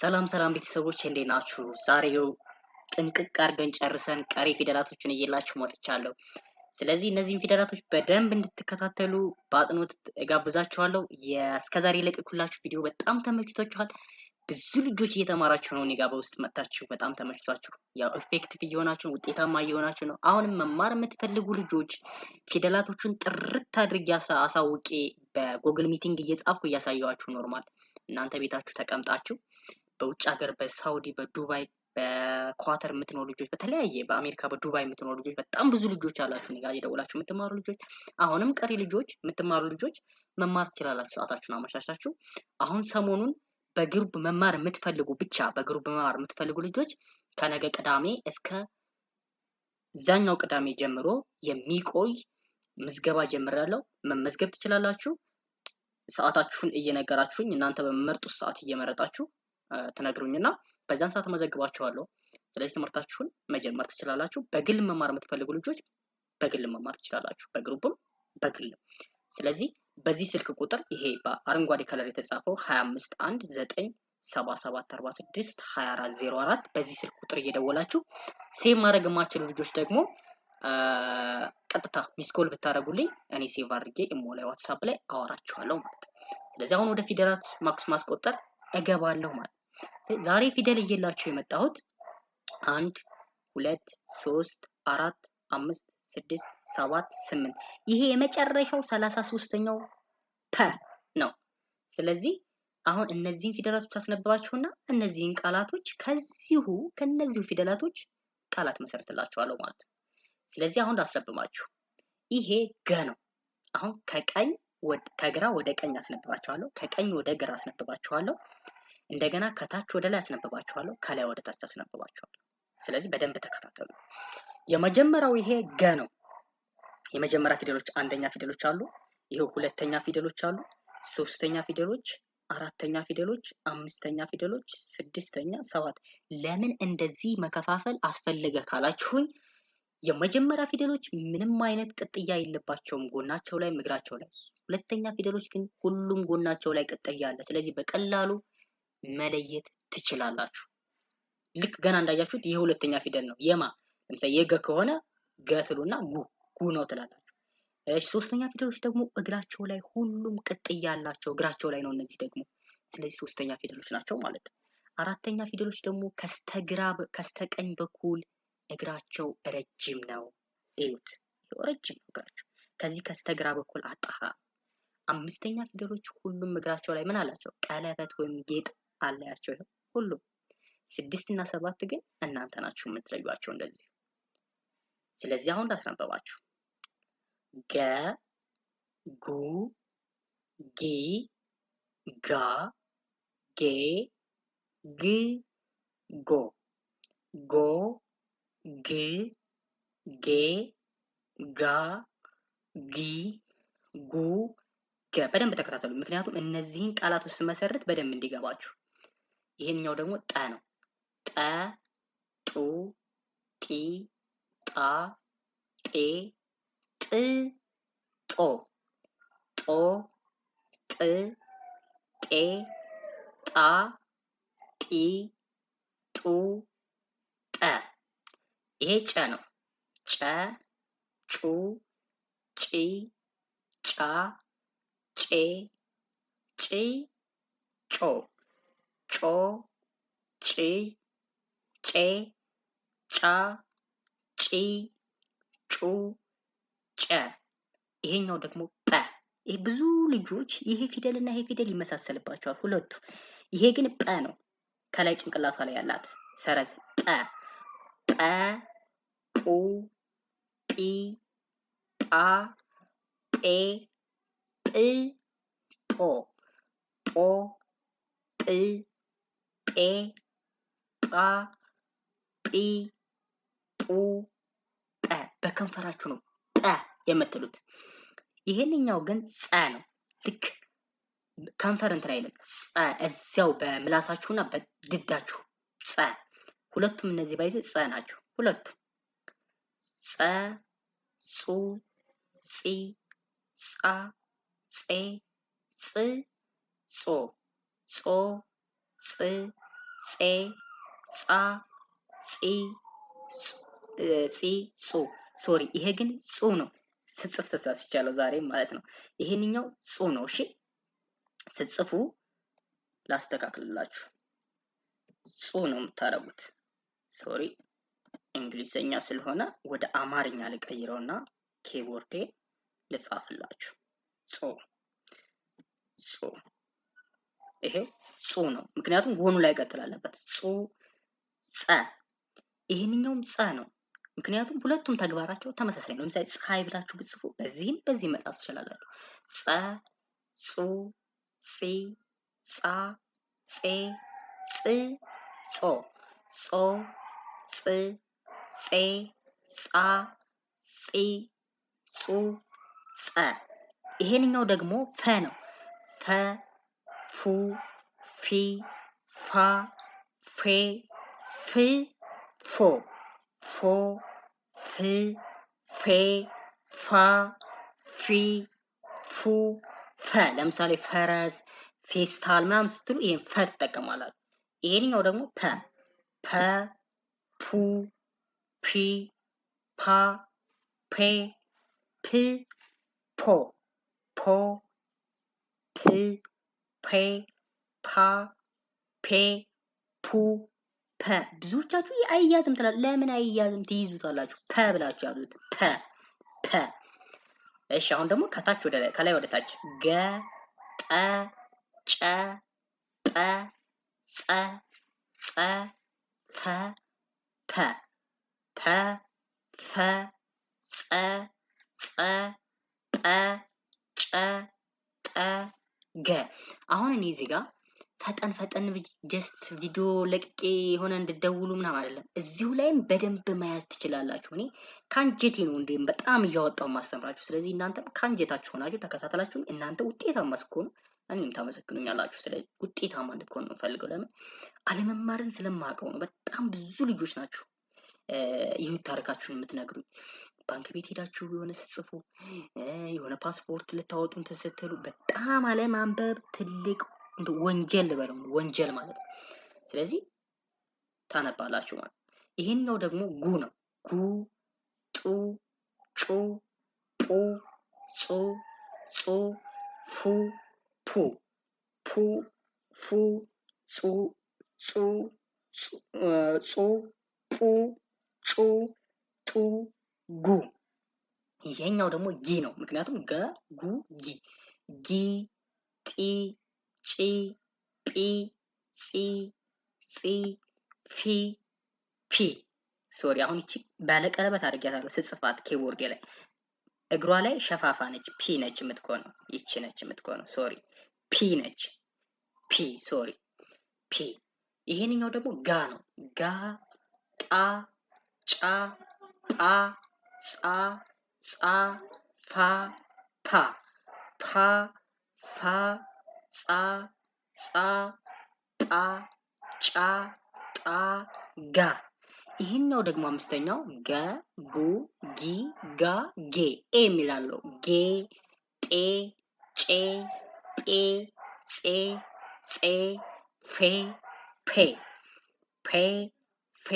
ሰላም ሰላም ቤተሰቦች እንዴት ናችሁ? ዛሬው ጥንቅቅ አድርገን ጨርሰን ቀሪ ፊደላቶችን እየላችሁ መጥቻለሁ። ስለዚህ እነዚህን ፊደላቶች በደንብ እንድትከታተሉ በአጥኖት እጋብዛችኋለሁ። እስከዛሬ የለቀኩላችሁ ቪዲዮ በጣም ተመችቷችኋል። ብዙ ልጆች እየተማራችሁ ነው። እኔ ጋ በውስጥ መጥታችሁ በጣም ተመችቷችሁ ያው ኢፌክቲቭ እየሆናችሁ ነው፣ ውጤታማ እየሆናችሁ ነው። አሁንም መማር የምትፈልጉ ልጆች ፊደላቶቹን ጥርት አድርጌ አሳውቄ በጉግል ሚቲንግ እየጻፍኩ እያሳየኋችሁ ኖርማል እናንተ ቤታችሁ ተቀምጣችሁ በውጭ ሀገር በሳውዲ በዱባይ በኳተር የምትኖሩ ልጆች በተለያየ በአሜሪካ በዱባይ የምትኖሩ ልጆች በጣም ብዙ ልጆች አላችሁ እኔ ጋር የደውላችሁ የምትማሩ ልጆች፣ አሁንም ቀሪ ልጆች የምትማሩ ልጆች መማር ትችላላችሁ። ሰዓታችሁን አመሻሽታችሁ አሁን ሰሞኑን በግሩፕ መማር የምትፈልጉ ብቻ በግሩፕ መማር የምትፈልጉ ልጆች ከነገ ቅዳሜ እስከ ዛኛው ቅዳሜ ጀምሮ የሚቆይ ምዝገባ ጀምሬያለሁ። መመዝገብ ትችላላችሁ። ሰዓታችሁን እየነገራችሁኝ እናንተ በምመርጡት ሰዓት እየመረጣችሁ ትነግሩኝና በዛን ሰዓት መዘግባችኋለሁ። ስለዚህ ትምህርታችሁን መጀመር ትችላላችሁ። በግል መማር የምትፈልጉ ልጆች በግል መማር ትችላላችሁ፣ በግሩፕም በግልም። ስለዚህ በዚህ ስልክ ቁጥር ይሄ በአረንጓዴ ከለር የተጻፈው 251977462404 በዚህ ስልክ ቁጥር እየደወላችሁ ሴቭ ማድረግ የማችሉ ልጆች ደግሞ ቀጥታ ሚስኮል ብታደረጉልኝ እኔ ሴቭ አድርጌ ኢሞ ላይ ዋትሳፕ ላይ አወራችኋለሁ ማለት ነው። ስለዚህ አሁን ወደ ፊደላት ማስቆጠር እገባለሁ ማለት ዛሬ ፊደል እየላችሁ የመጣሁት አንድ ሁለት ሶስት አራት አምስት ስድስት ሰባት ስምንት ይሄ የመጨረሻው ሰላሳ ሶስተኛው ፐ ነው። ስለዚህ አሁን እነዚህን ፊደላቶች አስነብባችሁና እነዚህን ቃላቶች ከዚሁ ከነዚሁ ፊደላቶች ቃላት መሰረትላችኋለሁ ማለት ነው። ስለዚህ አሁን ላስነብባችሁ ይሄ ገ ነው። አሁን ከቀኝ ከግራ ወደ ቀኝ አስነብባችኋለሁ። ከቀኝ ወደ ግራ አስነብባችኋለሁ። እንደገና ከታች ወደ ላይ አስነብባችኋለሁ። ከላይ ወደ ታች አስነብባችኋለሁ። ስለዚህ በደንብ ተከታተሉ። የመጀመሪያው ይሄ ገ ነው። የመጀመሪያ ፊደሎች አንደኛ ፊደሎች አሉ። ይሄ ሁለተኛ ፊደሎች አሉ። ሶስተኛ ፊደሎች፣ አራተኛ ፊደሎች፣ አምስተኛ ፊደሎች፣ ስድስተኛ፣ ሰባት። ለምን እንደዚህ መከፋፈል አስፈለገ ካላችሁኝ የመጀመሪያ ፊደሎች ምንም አይነት ቅጥያ የለባቸውም። ጎናቸው ላይ፣ እግራቸው ላይ ሁለተኛ ፊደሎች ግን ሁሉም ጎናቸው ላይ ቅጥያ አለ። ስለዚህ በቀላሉ መለየት ትችላላችሁ። ልክ ገና እንዳያችሁት የሁለተኛ ፊደል ነው። የማ ለምሳሌ የገ ከሆነ ገ ትሉና ጉ ጉ ነው ትላላችሁ። እሺ ሶስተኛ ፊደሎች ደግሞ እግራቸው ላይ ሁሉም ቅጥያ አላቸው። እግራቸው ላይ ነው እነዚህ ደግሞ። ስለዚህ ሶስተኛ ፊደሎች ናቸው ማለት ነው። አራተኛ ፊደሎች ደግሞ ከስተግራ ከስተቀኝ በኩል እግራቸው ረጅም ነው። እዩት፣ ረጅም ነው እግራቸው። ከዚህ ከስተግራ በኩል አጣራ አምስተኛ ፊደሎች ሁሉም እግራቸው ላይ ምን አላቸው? ቀለበት ወይም ጌጥ አለያቸው። ሁሉም ስድስት እና ሰባት ግን እናንተ ናችሁ የምትለዩቸው እንደዚህ። ስለዚህ አሁን ላስነበባችሁ ገ ጉ ጊ ጋ ጌ ግ ጎ ጎ ግ ጌ ጋ ጊ ጉ በደንብ ተከታተሉ። ምክንያቱም እነዚህን ቃላቶች ስመሰርት በደንብ እንዲገባችሁ። ይሄኛው ደግሞ ጠ ነው። ጠ፣ ጡ፣ ጢ፣ ጣ፣ ጤ፣ ጥ፣ ጦ፣ ጦ፣ ጥ፣ ጤ፣ ጣ፣ ጢ፣ ጡ፣ ጠ። ይሄ ጨ ነው። ጨ፣ ጩ፣ ጪ፣ ጫ ጬ ጪ ጮ ጮ ጪ ጬ ጫ ጪ ጩ ጨ ይሄኛው ደግሞ ጰ ይሄ ብዙ ልጆች ይሄ ፊደል እና ይሄ ፊደል ይመሳሰልባቸዋል ሁለቱ። ይሄ ግን ጰ ነው። ከላይ ጭንቅላቷ ላይ ያላት ሰረዝ ጰ ጰ ጱ ጲ ጳ ጴ ጲ ጶ ጶ ጵ ጴ ጳ ጲ ጱ ጰ በከንፈራችሁ ነው ጰ የምትሉት። ይሄንኛው ግን ጸ ነው። ልክ ከንፈር እንትን አይልም። ጸ እዚያው በምላሳችሁና በድዳችሁ ጸ። ሁለቱም እነዚህ ባይዙ ጸ ናቸው። ሁለቱም ጸ ጹ ጺ ጻ ፄ ፅ ጾ ጾ ፅ ፄ ፃ ጺ ጺ ጹ ሶሪ ይሄ ግን ጹ ነው። ስጽፍ ተሳስቻለሁ ዛሬ ማለት ነው። ይሄንኛው ጹ ነው። እሺ ስጽፉ ላስተካክልላችሁ። ጹ ነው የምታረጉት። ሶሪ እንግሊዘኛ ስለሆነ ወደ አማርኛ ልቀይረውና ኬቦርዴ ልጻፍላችሁ። ጾ ጾ ይሄ ጾ ነው። ምክንያቱም ጎኑ ላይ ቀጥል አለበት። ጾ ጸ። ይሄንኛውም ጸ ነው። ምክንያቱም ሁለቱም ተግባራቸው ተመሳሳይ ነው። ለምሳሌ ፀሐይ ብላችሁ ብጽፉ በዚህም በዚህ መጣፍ ትችላላችሁ። ጸ ጹ ጺ ጻ ጼ ጽ ጾ ጾ ጽ ጼ ጻ ጺ ጹ ጸ ይሄንኛው ደግሞ ፈ ነው። ፈ፣ ፉ፣ ፊ፣ ፋ፣ ፌ፣ ፍ፣ ፎ፣ ፎ፣ ፍ፣ ፌ፣ ፋ፣ ፊ፣ ፉ፣ ፈ። ለምሳሌ ፈረስ፣ ፌስታል ምናምን ስትሉ ይሄን ፈ ትጠቀማላችሁ። ይሄንኛው ደግሞ ፐ ፐ ፑ ፒ ፓ ፔ ፕ ፖ ፖ ፕ ፔ ፓ ፔ ፑ ፐ ብዙዎቻችሁ አይያዝም ትላል። ለምን አይያዝም ትይዙታላችሁ? ፐ ብላችሁ ያዙት። ፐ ፐ። እሺ አሁን ደግሞ ከታች ወደ ላይ ከላይ ወደ ታች ገ ጠ ጨ ጠ ጸ ጸ ፈ ፐ ፐ ፈ ጸ ጸ ጠ ጠጠገ። አሁን እኔ እዚህ ጋር ፈጠን ፈጠን ጀስት ቪዲዮ ለቅቄ የሆነ እንድደውሉ ምናምን አይደለም። እዚሁ ላይም በደንብ መያዝ ትችላላችሁ። እኔ ከአንጀቴ ነው እንዲም በጣም እያወጣው ማስተምራችሁ። ስለዚህ እናንተም ከአንጀታችሁ ሆናችሁ ተከታተላችሁ፣ እናንተ ውጤታማ ስትሆኑ እኔም ታመሰግኑኛላችሁ። ስለዚህ ውጤታማ እንድትሆን ነው ፈልገው። ለምን አለመማርን ስለማውቀው ነው። በጣም ብዙ ልጆች ናችሁ የህይወት ታሪካችሁን የምትነግሩኝ ባንክ ቤት ሄዳችሁ የሆነ ስትጽፉ የሆነ ፓስፖርት ልታወጡ እንትን ስትሉ በጣም ማንበብ ትልቅ ወንጀል ልበለው ወንጀል ማለት ነው። ስለዚህ ታነባላችሁ ማለት ይህን ነው። ደግሞ ጉ ነው። ጉ ጡ ጩ ጡ ጹ ጹ ፉ ፑ ፑ ፉ ጹ ጹ ጹ ፑ ጩ ጡ ጉ ይሄኛው ደግሞ ጊ ነው። ምክንያቱም ገ ጉ ጊ ጊ ጢ ጪ ጲ ጺ ጺ ፊ ፒ ሶሪ አሁን ይቺ ባለቀለበት አድርጌያታለሁ ስጽፋት ኬቦርዴ ላይ እግሯ ላይ ሸፋፋ ነች። ፒ ነች የምትኮነው ይቺ ነች የምትኮነው ሶሪ ፒ ነች። ፒ ሶሪ ፒ። ይሄንኛው ደግሞ ጋ ነው። ጋ ጣ ጫ ጳ ጻ ጻ ፋ ፓ ፓ ፋ ጻ ጻ ጳ ጫ ጣ ጋ ይህን ነው ደግሞ አምስተኛው ገ ጉ ጊ ጋ ጌ ኤ የሚላለው ጌ ጤ ጬ ጴ ጼ ጼ ፌ ፔ ፔ ፌ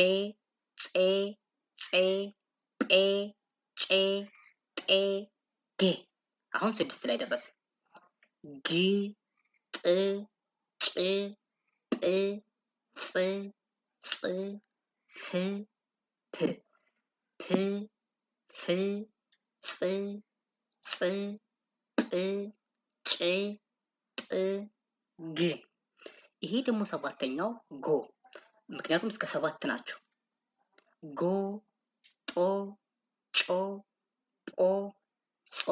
ጼ ጼ ጴ ጬ ጤ ዴ አሁን ስድስት ላይ ደረስ ግ ጥ ጭ ጵ ጽ ጽ ፍ ፕ ፕ ፍ ጽ ጽ ጵ ጭ ጥ ግ ይሄ ደግሞ ሰባተኛው ጎ ምክንያቱም እስከ ሰባት ናቸው። ጎ ጦ ጮ ጶ ጾ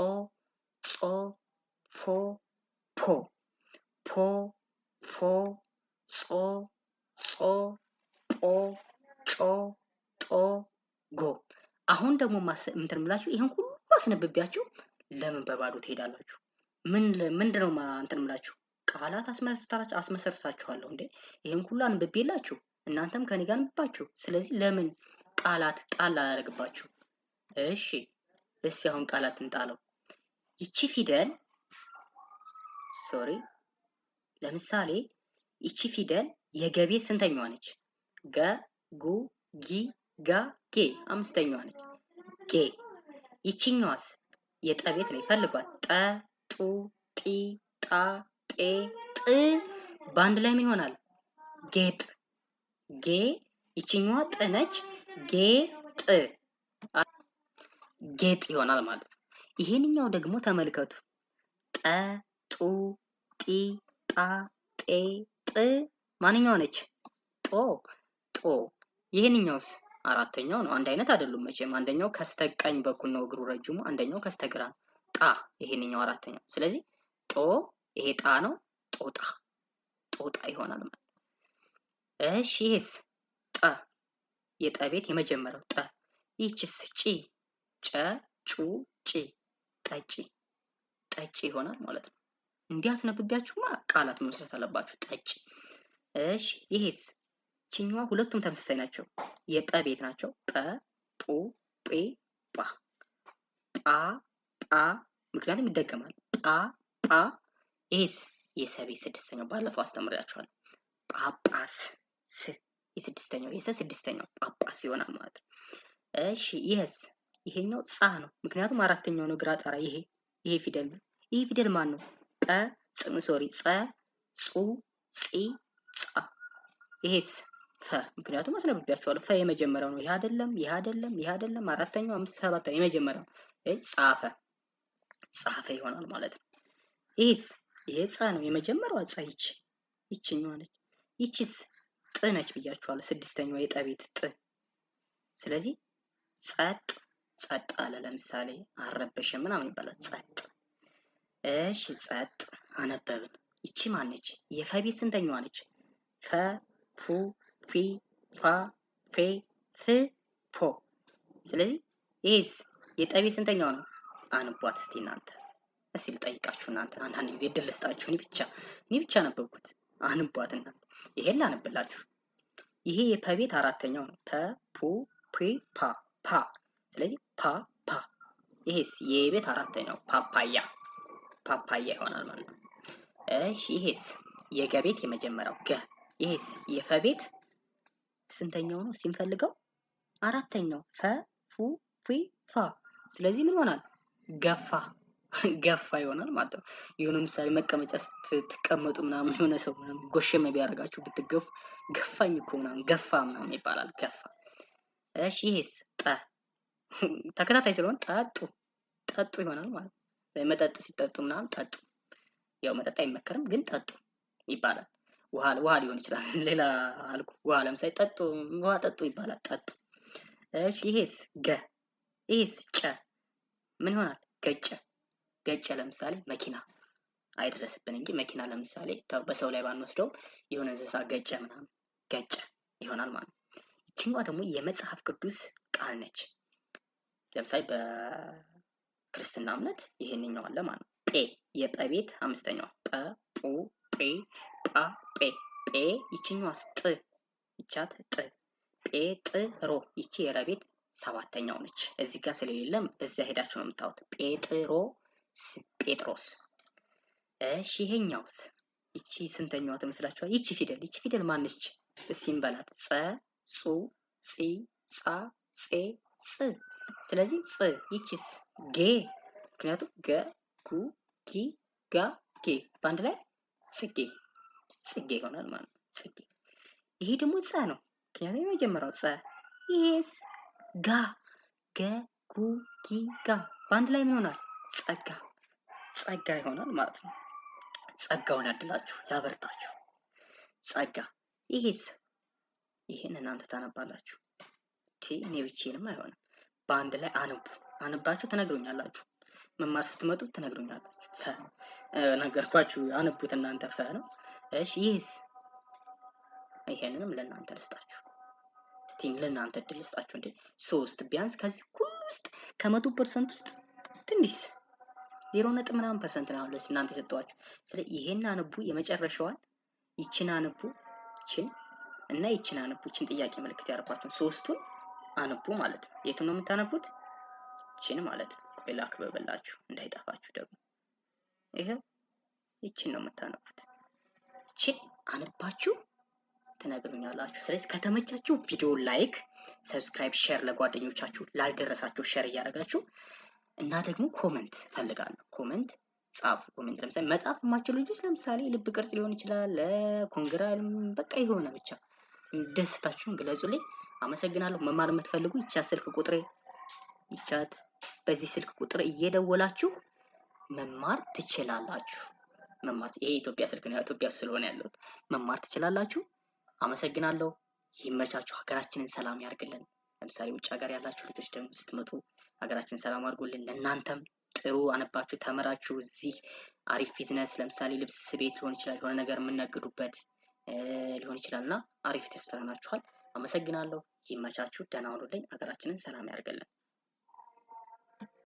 ጾ ፎ ፖ ፖ ፎ ጾ ጾ ጶ ጮ ጦ ጎ አሁን ደግሞ እንትን ምላችሁ ይህን ሁሉ አስነብቢያችሁ ለምን በባዶ ትሄዳላችሁ? ምን ምንድን ነው እንትን ምላችሁ ቃላት አስመሰርታችኋለሁ እንዴ? ይህን ሁሉ አንብቤላችሁ እናንተም ከኔ ጋር አንብባችሁ። ስለዚህ ለምን ቃላት ጣል አላደርግባችሁ? እሺ እስ አሁን ቃላት እንጣለው። ይቺ ፊደል ሶሪ፣ ለምሳሌ ይቺ ፊደል የገቤ ስንተኛዋ ነች? ገ፣ ጉ፣ ጊ፣ ጋ፣ ጌ አምስተኛዋ ነች። ጌ ይቺኛዋስ የጠቤት ነው። ይፈልጓት ጠ፣ ጡ፣ ጢ፣ ጣ፣ ጤ፣ ጥ በአንድ ላይ ምን ይሆናል? ጌጥ። ጌ ይቺኛዋ ጥ ነች። ጌ ጥ ጌጥ ይሆናል ማለት ነው። ይሄንኛው ደግሞ ተመልከቱ። ጠ ጡ ጢ ጣ ጤ ጥ ማንኛው ነች? ጦ ጦ። ይሄንኛውስ አራተኛው ነው። አንድ አይነት አይደሉም መቼም። አንደኛው ከስተቀኝ በኩል ነው እግሩ ረጅሙ፣ አንደኛው ከስተግራ ነው። ጣ ይሄንኛው አራተኛው። ስለዚህ ጦ ይሄ ጣ ነው። ጦጣ ጦጣ ይሆናል ማለት እሺ። ይሄስ ጠ የጠ ቤት የመጀመሪያው ጠ። ይቺስ ጪ ጨ ጩ ጪ ጠጪ ጠጪ ይሆናል ማለት ነው። እንዲህ አስነብቢያችሁማ ቃላት መስረት አለባችሁ። ጠጪ። እሺ ይሄስ ችኛዋ ሁለቱም ተመሳሳይ ናቸው። የጰ ቤት ናቸው። ጰ ጱ ጴ ጳ ጳ ጳ ምክንያቱም ይደገማል። ጳ ጳ ይሄስ የሰቤ ስድስተኛው ባለፈው አስተምሬያችኋለሁ። ጳጳስ ስ የስድስተኛው የሰ ስድስተኛው ጳጳስ ይሆናል ማለት ነው። እሺ ይሄስ ይሄኛው ጻ ነው። ምክንያቱም አራተኛው ነው ግራ ጣራ። ይሄ ይሄ ፊደል ነው። ይሄ ፊደል ማን ነው? ቀ ሶሪ ጸ ጹ ጺ ጻ። ይሄስ ፈ። ምክንያቱም አስነብቤያቸዋለሁ። ፈ የመጀመሪያው ነው። ይህ አይደለም፣ ይህ አይደለም፣ ይህ አይደለም። አራተኛው፣ አምስት፣ ሰባት የመጀመሪያው ጻፈ ጻፈ ይሆናል ማለት ነው። ይሄስ ይሄ ጸ ነው። የመጀመሪያው ጸ ይች ይቺኛዋ ነች። ይችስ ጥ ነች ብያቸዋለሁ። ስድስተኛው የጠቤት ጥ። ስለዚህ ጸጥ ጸጥ አለ። ለምሳሌ አረበሸ ምናምን ይባላል። ጸጥ እሺ፣ ጸጥ አነበብን። ይቺ ማነች? የፈቤ ስንተኛዋ ነች? ፈ ፉ ፊ ፋ ፌ ፍ ፎ። ስለዚህ ይህስ የጠቤ ስንተኛዋ ነው? አንቧት እስቲ እናንተ እስቲ ልጠይቃችሁ እናንተ። አንዳንድ ጊዜ ድል ስጣችሁ። እኔ ብቻ እኔ ብቻ ነበብኩት። አንቧት እናንተ። ይሄን ላነብላችሁ። ይሄ የፐቤት አራተኛው ነው። ፐ ፑ ፒ ፓ ፓ ስለዚህ ፓ ፓ ይሄስ የቤት አራተኛው ፓፓያ ፓፓያ ይሆናል ማለት ነው። እሺ ይሄስ የገቤት የመጀመሪያው ገ ይሄስ የፈቤት ስንተኛው ነው ሲንፈልገው አራተኛው ፈ ፉ ፊ ፋ ስለዚህ ምን ይሆናል ገፋ ገፋ ይሆናል ማለት ነው። የሆነ ምሳሌ መቀመጫ ስትቀመጡ ምናምን የሆነ ሰው ምናምን ጎሸመ ቢያደርጋችሁ ብትገፉ ገፋኝ እኮ ምናምን ገፋ ምናምን ይባላል። ገፋ እሺ ይሄስ ጠ ተከታታይ ስለሆን ጠጡ ጠጡ ይሆናል ማለት ነው። መጠጥ ሲጠጡ ምናምን ጠጡ፣ ያው መጠጥ አይመከርም ግን ጠጡ ይባላል። ውሃ ሊሆን ይችላል። ሌላ አልኩ ውሃ ለምሳሌ ጠጡ፣ ውሃ ጠጡ ይባላል። ጠጡ። እሺ ይሄስ ገ ይሄስ ጨ ምን ይሆናል? ገጨ ገጨ። ለምሳሌ መኪና አይደረስብን እንጂ መኪና ለምሳሌ በሰው ላይ ባንወስደው የሆነ እንስሳ ገጨ ምናምን ገጨ ይሆናል ማለት ነው። ይችኛዋ ደግሞ የመጽሐፍ ቅዱስ ቃል ነች። ለምሳሌ በክርስትና እምነት ይሄንኛው አለ ማለት ነው። ጴ የጰ ቤት አምስተኛዋ ጰ ጱ ጴ ጳ ጴ ጴ ይችኛዋስ ጥ ይቻት ጥ ጴ ጥ ሮ ይቺ የረቤት ሰባተኛው ነች። እዚህ ጋር ስለሌለም እዚያ ሄዳችሁ ነው የምታዩት። ጴጥሮ ጴጥሮስ። እሺ ይሄኛውስ ይቺ ስንተኛዋ ትመስላችኋል? ይቺ ፊደል ይቺ ፊደል ማነች? እስቲ እንበላት ጸ ጹ ጺ ጻ ጼ ጽ ስለዚህ ጽ ይቺስ ጌ ምክንያቱም ገ ጉ ጊ ጋ ጌ በአንድ ላይ ጽጌ ጽጌ ይሆናል ማለት ነው። ጽጌ ይሄ ደግሞ ጸ ነው። ምክንያቱም የመጀመሪያው ጸ። ይሄስ ጋ ገ ጉ ጊ ጋ በአንድ ላይ ምን ይሆናል? ጸጋ ጸጋ ይሆናል ማለት ነው። ጸጋውን ያድላችሁ ያበርታችሁ። ጸጋ ይሄስ ይህን እናንተ ታነባላችሁ። ቲ እኔ ብቼንም አይሆንም። በአንድ ላይ አንቡ። አንባችሁ ትነግሩኛላችሁ። መማር ስትመጡ ትነግሩኛላችሁ። ፈ ነገርኳችሁ። አንቡት እናንተ ፈ ነው። እሺ ይህስ ይሄንንም ለእናንተ ልስጣችሁ። ስቲም ለእናንተ እድል ልስጣችሁ። እንዴ ሶስት ቢያንስ ከዚህ ሁሉ ውስጥ ከመቶ ፐርሰንት ውስጥ ትንሽ ዜሮ ነጥብ ምናምን ፐርሰንት ነው ለስ እናንተ የሰጠዋችሁ። ስለ ይሄን አንቡ የመጨረሻዋን ይችን አንቡ ይችን እና ይችን አንቡ ይችን ጥያቄ ምልክት ያደርኳችሁ ሶስቱን አነቡ ማለት ነው። የት ነው የምታነቡት? ይችን ማለት ነው። ቆይ ላክብብላችሁ እንዳይጠፋችሁ ደግሞ ይሄ ይችን ነው የምታነቡት። ይችን አነባችሁ ትነግሩኛላችሁ። ስለዚህ ከተመቻችሁ ቪዲዮ ላይክ፣ ሰብስክራይብ፣ ሼር ለጓደኞቻችሁ ላልደረሳችሁ ሼር እያደረጋችሁ እና ደግሞ ኮመንት ፈልጋለሁ። ኮመንት ጻፉ። ኮመንት ለምሳሌ መጻፍ የማችሉ ልጆች ለምሳሌ ልብ ቅርጽ ሊሆን ይችላል፣ ለኮንግራ በቃ የሆነ ብቻ ደስታችሁን ግለጹልኝ። አመሰግናለሁ። መማር የምትፈልጉ ይቻት ስልክ ቁጥሬ ይቻት በዚህ ስልክ ቁጥር እየደወላችሁ መማር ትችላላችሁ። መማር ይሄ ኢትዮጵያ ስልክ ነው፣ ኢትዮጵያ ስለሆነ ያለው መማር ትችላላችሁ። አመሰግናለሁ። ይመቻችሁ። ሀገራችንን ሰላም ያርግልን። ለምሳሌ ውጭ ሀገር ያላችሁ ልጆች ደግሞ ስትመጡ ሀገራችን ሰላም አድርጎልን ለእናንተም ጥሩ አነባችሁ ተመራችሁ እዚህ አሪፍ ቢዝነስ ለምሳሌ ልብስ ቤት ሊሆን ይችላል የሆነ ነገር የምነግዱበት ሊሆን ይችላል እና አሪፍ ተስተናናችኋል። አመሰግናለሁ። ይመቻችሁ። ደህና ሁኑልኝ። ሀገራችንን ሰላም ያርገልን